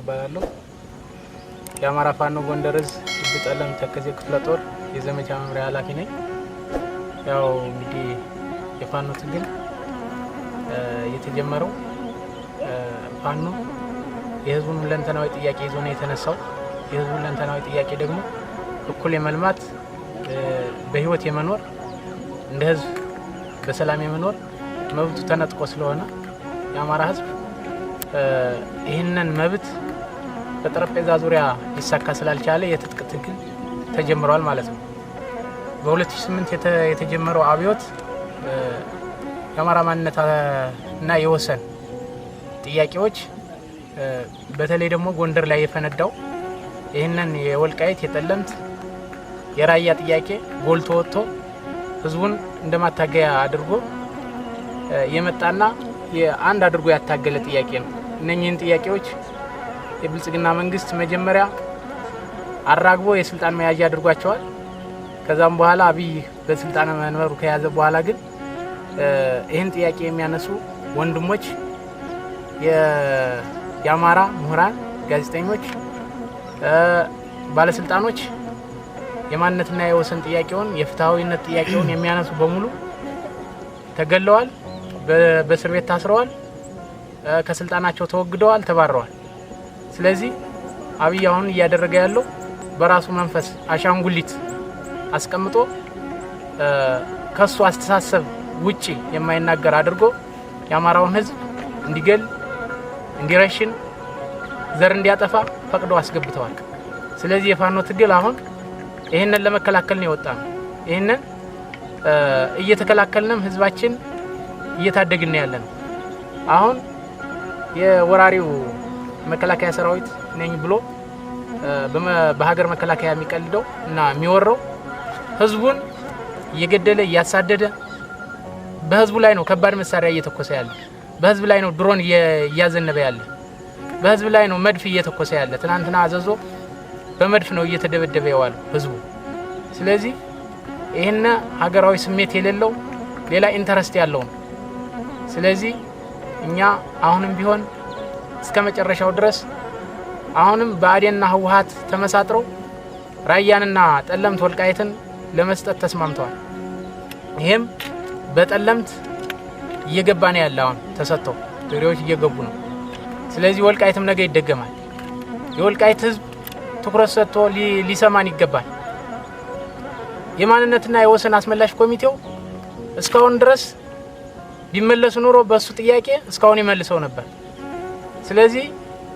እባላለሁ የአማራ ፋኖ ጎንደር ዕዝ ጠለም ተከዜ ክፍለ ጦር የዘመቻ መምሪያ ኃላፊ ነኝ። ያው እንግዲህ የፋኖ ትግል የተጀመረው ፋኖ የህዝቡን ሁለንተናዊ ጥያቄ ይዞ ነው የተነሳው። የህዝቡን ሁለንተናዊ ጥያቄ ደግሞ እኩል የመልማት በህይወት የመኖር እንደ ህዝብ በሰላም የመኖር መብቱ ተነጥቆ ስለሆነ የአማራ ህዝብ ይህንን መብት በጠረጴዛ ዙሪያ ሊሳካ ስላልቻለ የትጥቅ ትግል ተጀምሯል ማለት ነው። በ2008 የተጀመረው አብዮት የአማራ ማንነት እና የወሰን ጥያቄዎች በተለይ ደግሞ ጎንደር ላይ የፈነዳው ይህንን የወልቃይት የጠለምት የራያ ጥያቄ ጎልቶ ወጥቶ ህዝቡን እንደማታገያ አድርጎ የመጣና የአንድ አድርጎ ያታገለ ጥያቄ ነው። እነኚህን ጥያቄዎች የብልጽግና መንግስት መጀመሪያ አራግቦ የስልጣን መያዣ አድርጓቸዋል። ከዛም በኋላ አብይ በስልጣን መንበሩ ከያዘ በኋላ ግን ይህን ጥያቄ የሚያነሱ ወንድሞች የአማራ ምሁራን፣ ጋዜጠኞች፣ ባለስልጣኖች የማንነትና የወሰን ጥያቄውን የፍትሐዊነት ጥያቄውን የሚያነሱ በሙሉ ተገለዋል፣ በእስር ቤት ታስረዋል። ከስልጣናቸው ተወግደዋል፣ ተባረዋል። ስለዚህ አብይ አሁን እያደረገ ያለው በራሱ መንፈስ አሻንጉሊት አስቀምጦ ከሱ አስተሳሰብ ውጪ የማይናገር አድርጎ የአማራውን ሕዝብ እንዲገል፣ እንዲረሽን፣ ዘር እንዲያጠፋ ፈቅዶ አስገብተዋል። ስለዚህ የፋኖ ትግል አሁን ይህንን ለመከላከል ነው የወጣ ነው። ይህንን እየተከላከልንም ህዝባችን እየታደግን ያለ ነው አሁን የወራሪው መከላከያ ሰራዊት ነኝ ብሎ በሀገር መከላከያ የሚቀልደው እና የሚወረው ህዝቡን እየገደለ እያሳደደ በህዝቡ ላይ ነው ከባድ መሳሪያ እየተኮሰ ያለ። በህዝብ ላይ ነው ድሮን እያዘነበ ያለ። በህዝብ ላይ ነው መድፍ እየተኮሰ ያለ። ትናንትና አዘዞ በመድፍ ነው እየተደበደበ የዋለ ህዝቡ። ስለዚህ ይህን ሀገራዊ ስሜት የሌለው ሌላ ኢንተረስት ያለው ነው። ስለዚህ እኛ አሁንም ቢሆን እስከ መጨረሻው ድረስ አሁንም ብአዴንና ህወሀት ተመሳጥረው ራያንና ጠለምት ወልቃይትን ለመስጠት ተስማምተዋል። ይህም በጠለምት እየገባ ነው ያለ አሁን ተሰጥተው ትግሬዎች እየገቡ ነው። ስለዚህ ወልቃይትም ነገ ይደገማል። የወልቃይት ህዝብ ትኩረት ሰጥቶ ሊሰማን ይገባል። የማንነትና የወሰን አስመላሽ ኮሚቴው እስካሁን ድረስ ቢመለሱ ኑሮ በእሱ ጥያቄ እስካሁን ይመልሰው ነበር። ስለዚህ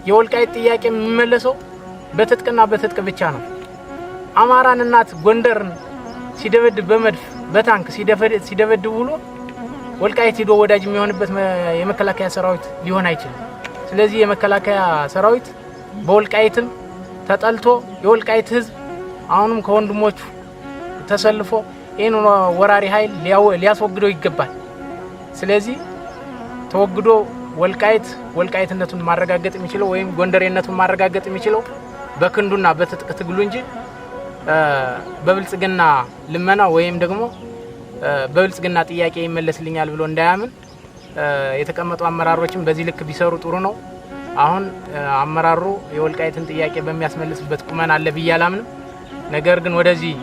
የወልቃይት ጥያቄ የሚመለሰው በትጥቅና በትጥቅ ብቻ ነው። አማራን እናት ጎንደርን ሲደበድብ በመድፍ በታንክ ሲደበድብ ውሎ ወልቃይት ሂዶ ወዳጅ የሚሆንበት የመከላከያ ሰራዊት ሊሆን አይችልም። ስለዚህ የመከላከያ ሰራዊት በወልቃይትም ተጠልቶ የወልቃይት ሕዝብ አሁንም ከወንድሞቹ ተሰልፎ ይህን ወራሪ ኃይል ሊያስወግደው ይገባል። ስለዚህ ተወግዶ ወልቃይት ወልቃይትነቱን ማረጋገጥ የሚችለው ወይም ጎንደሬነቱን ማረጋገጥ የሚችለው በክንዱና በትጥቅ ትግሉ እንጂ በብልጽግና ልመና ወይም ደግሞ በብልጽግና ጥያቄ ይመለስልኛል ብሎ እንዳያምን የተቀመጡ አመራሮችም በዚህ ልክ ቢሰሩ ጥሩ ነው። አሁን አመራሩ የወልቃይትን ጥያቄ በሚያስመልስበት ቁመና አለ ብዬ አላምንም። ነገር ግን ወደዚህ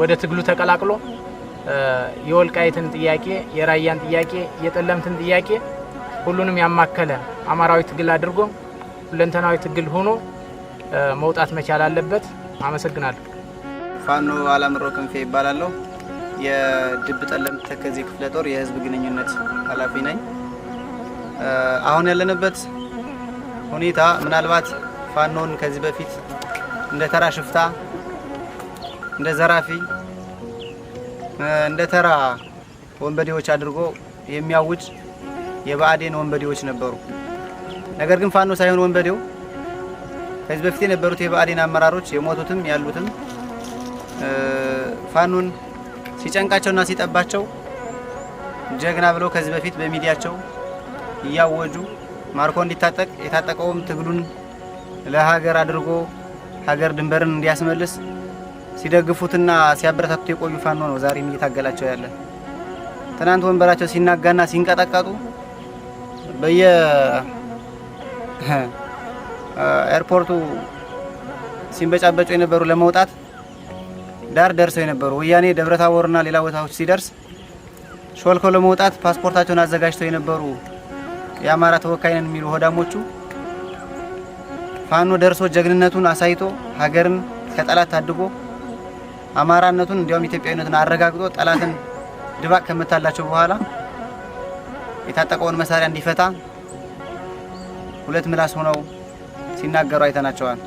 ወደ ትግሉ ተቀላቅሎ የወልቃይትን ጥያቄ፣ የራያን ጥያቄ፣ የጠለምትን ጥያቄ ሁሉንም ያማከለ አማራዊ ትግል አድርጎ ሁለንተናዊ ትግል ሆኖ መውጣት መቻል አለበት። አመሰግናለሁ። ፋኖ አላምሮ ክንፌ ይባላለሁ። የድብ ጠለምት ተከዜ ክፍለ ጦር የህዝብ ግንኙነት ኃላፊ ነኝ። አሁን ያለንበት ሁኔታ ምናልባት ፋኖን ከዚህ በፊት እንደ ተራ ሽፍታ እንደ ዘራፊ እንደ ተራ ወንበዴዎች አድርጎ የሚያውጅ የብአዴን ወንበዴዎች ነበሩ። ነገር ግን ፋኖ ሳይሆን ወንበዴው ከዚህ በፊት የነበሩት የብአዴን አመራሮች የሞቱትም ያሉትም ፋኖን ሲጨንቃቸውና ሲጠባቸው ጀግና ብለው ከዚህ በፊት በሚዲያቸው እያወጁ ማርኮ እንዲታጠቅ የታጠቀውም ትግሉን ለሀገር አድርጎ ሀገር ድንበርን እንዲያስመልስ ሲደግፉትና ሲያበረታቱት የቆዩ ፋኖ ነው ዛሬም እየታገላቸው ያለ። ትናንት ወንበራቸው ሲናጋና ሲንቀጠቀጡ በየ ኤርፖርቱ ሲንበጫበጩ የነበሩ ለመውጣት ዳር ደርሰው የነበሩ ወያኔ ደብረታቦርና ሌላ ቦታዎች ሲደርስ ሾልከው ለመውጣት ፓስፖርታቸውን አዘጋጅተው የነበሩ የአማራ ተወካይ ነን የሚሉ ሆዳሞቹ ፋኖ ደርሶ ጀግንነቱን አሳይቶ ሀገርን ከጠላት ታድጎ አማራነቱን እንዲያውም ኢትዮጵያዊነትን አረጋግጦ ጠላትን ድባቅ ከመታላቸው በኋላ የታጠቀውን መሳሪያ እንዲፈታ ሁለት ምላስ ሆነው ሲናገሩ አይተናቸዋል።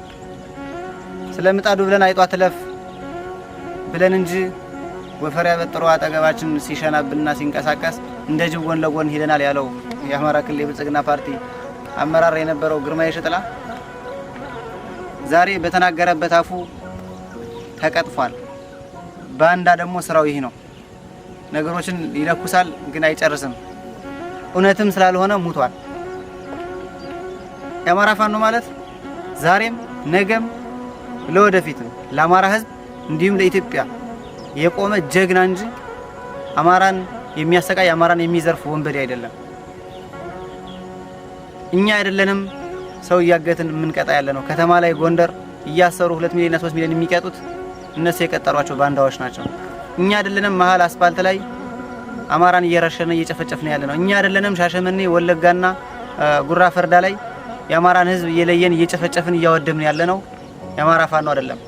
ስለ ምጣዱ ብለን አይጧ ትለፍ ብለን እንጂ ወፈር ያበጥሮ አጠገባችን ሲሸናብንና ሲንቀሳቀስ እንደ ጅብ ጎን ለጎን ሄደናል ያለው የአማራ ክልል የብልጽግና ፓርቲ አመራር የነበረው ግርማ ሽጥላ ዛሬ በተናገረበት አፉ ተቀጥፏል። ባንዳ ደግሞ ስራው ይህ ነው። ነገሮችን ይለኩሳል፣ ግን አይጨርስም። እውነትም ስላልሆነ ሙቷል። የአማራ ፋኖ ማለት ዛሬም ነገም ለወደፊትም ለአማራ ህዝብ እንዲሁም ለኢትዮጵያ የቆመ ጀግና እንጂ አማራን የሚያሰቃይ አማራን የሚዘርፍ ወንበዴ አይደለም። እኛ አይደለንም ሰው እያገትን የምንቀጣ ያለ ነው። ከተማ ላይ ጎንደር እያሰሩ ሁለት ሚሊዮንና ሶስት ሚሊዮን የሚቀጡት እነሱ የቀጠሯቸው ባንዳዎች ናቸው። እኛ አይደለንም መሀል አስፋልት ላይ አማራን እየረሸነ እየጨፈጨፍን ያለ ነው። እኛ አይደለንም ሻሸመኔ ወለጋና ጉራ ፈርዳ ላይ የአማራን ህዝብ እየለየን እየጨፈጨፍን እያወደምን ያለ ነው። የአማራ ፋኖ አይደለም።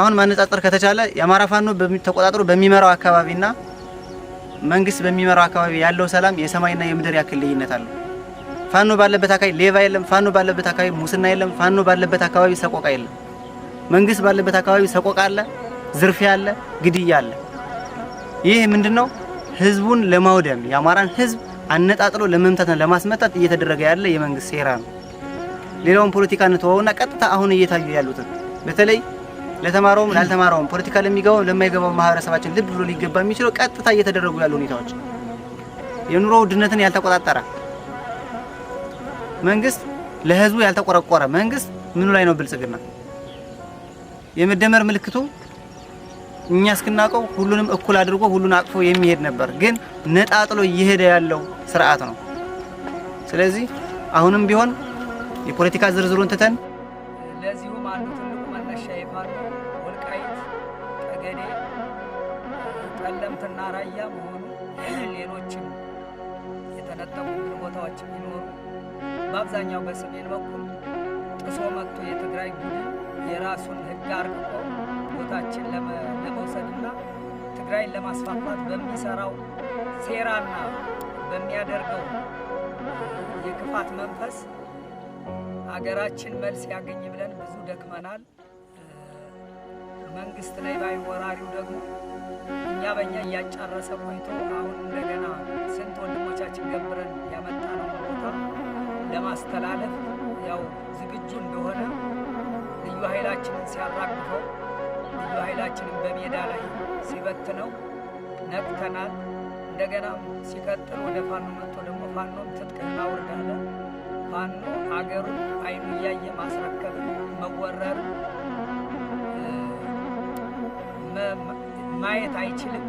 አሁን ማነጻጸር ከተቻለ የአማራ ፋኖ ተቆጣጥሮ በሚመራው አካባቢና መንግስት በሚመራው አካባቢ ያለው ሰላም የሰማይና የምድር ያክል ልዩነት አለው። ፋኖ ባለበት አካባቢ ሌባ የለም። ፋኖ ባለበት አካባቢ ሙስና የለም። ፋኖ ባለበት አካባቢ ሰቆቃ የለም። መንግስት ባለበት አካባቢ ሰቆቃ አለ፣ ዝርፊያ አለ፣ ግድያ አለ። ይህ ምንድነው? ህዝቡን ለማውደም የአማራን ህዝብ አነጣጥሎ ለመምታትና ለማስመታት እየተደረገ ያለ የመንግስት ሴራ ነው። ሌላውን ፖለቲካ እንተዋውና ቀጥታ አሁን እየታዩ ያሉትን በተለይ ለተማረውም ላልተማረውም ፖለቲካ ለሚገባው ለማይገባው ማህበረሰባችን ልብ ብሎ ሊገባ የሚችለው ቀጥታ እየተደረጉ ያሉ ሁኔታዎች የኑሮ ውድነትን ያልተቆጣጠረ መንግስት፣ ለህዝቡ ያልተቆረቆረ መንግስት ምኑ ላይ ነው ብልጽግና? የመደመር ምልክቱ እኛ እስክናውቀው ሁሉንም እኩል አድርጎ ሁሉን አቅፎ የሚሄድ ነበር፣ ግን ነጣጥሎ እየሄደ ያለው ስርዓት ነው። ስለዚህ አሁንም ቢሆን የፖለቲካ ዝርዝሩን ትተን ለዚሁም አንዱ ትልቁ መነሻ የፋኖ ወልቃይት፣ ጠገዴ፣ ጠለምትና ራያ መሆኑ ሌሎችም የተነጠቁ ቦታዎች ቢኖሩ በአብዛኛው በሰሜን በኩል ጥሶ መጥቶ የትግራይ ቡድን የራሱን ህግ አርቅቆ ቦታችን ለመውሰድና ትግራይን ለማስፋፋት በሚሰራው ሴራና በሚያደርገው የክፋት መንፈስ ሀገራችን መልስ ያገኝ ብለን ብዙ ደክመናል። መንግስት ላይ ባይ ወራሪው ደግሞ እኛ በእኛ እያጫረሰ ቆይቶ አሁን እንደገና ስንት ወንድሞቻችን ገብረን ያመጣነው ቦታ ለማስተላለፍ ያው ዝግጁ እንደሆነ ልዩ ኃይላችንን ሲያራግፈው፣ ልዩ ኃይላችንን በሜዳ ላይ ሲበትነው ነቅተናል። እንደገና ሲቀጥል ወደ ፋኖ መጥቶ ደግሞ ፋኖም ትጥቅ አውርዳለን። ፋኖ አገሩን አይኑ እያየ ማስረከብ መወረር ማየት አይችልም።